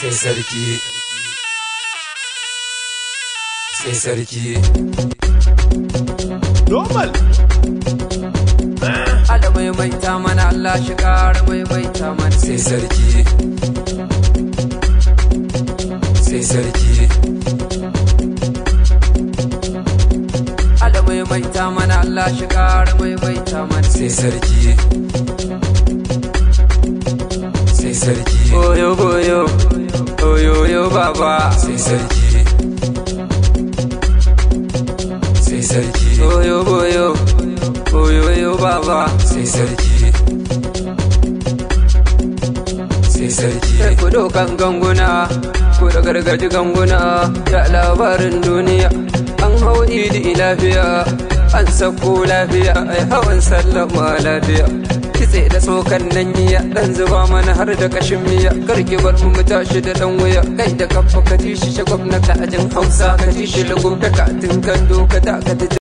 sai sarki sai sarki normal ala ta mana Allah shi ƙara ta mana sai sarki sai sarki ala ta mana Allah shi ƙara ta mana sai sarki sai sarki Oyo boyo oyo oyo baba. Sai sarki. Sai sarki. Oyo boyo oyo oyo baba. Sai sarki. Sai sarki. Sai ku dokan ganguna, ku da gargaji ganguna, da labarin duniya. An hau idi lafiya, an sako lafiya, ai hawan sallama lafiya. kitse da tsokan nan ya dan zuba mana har da kashin miya karki bar mu mu tashi da dan waya kai da kafa ka tishi shagwab na ajin hausa ka tishi lagum ka katin kando ka da ka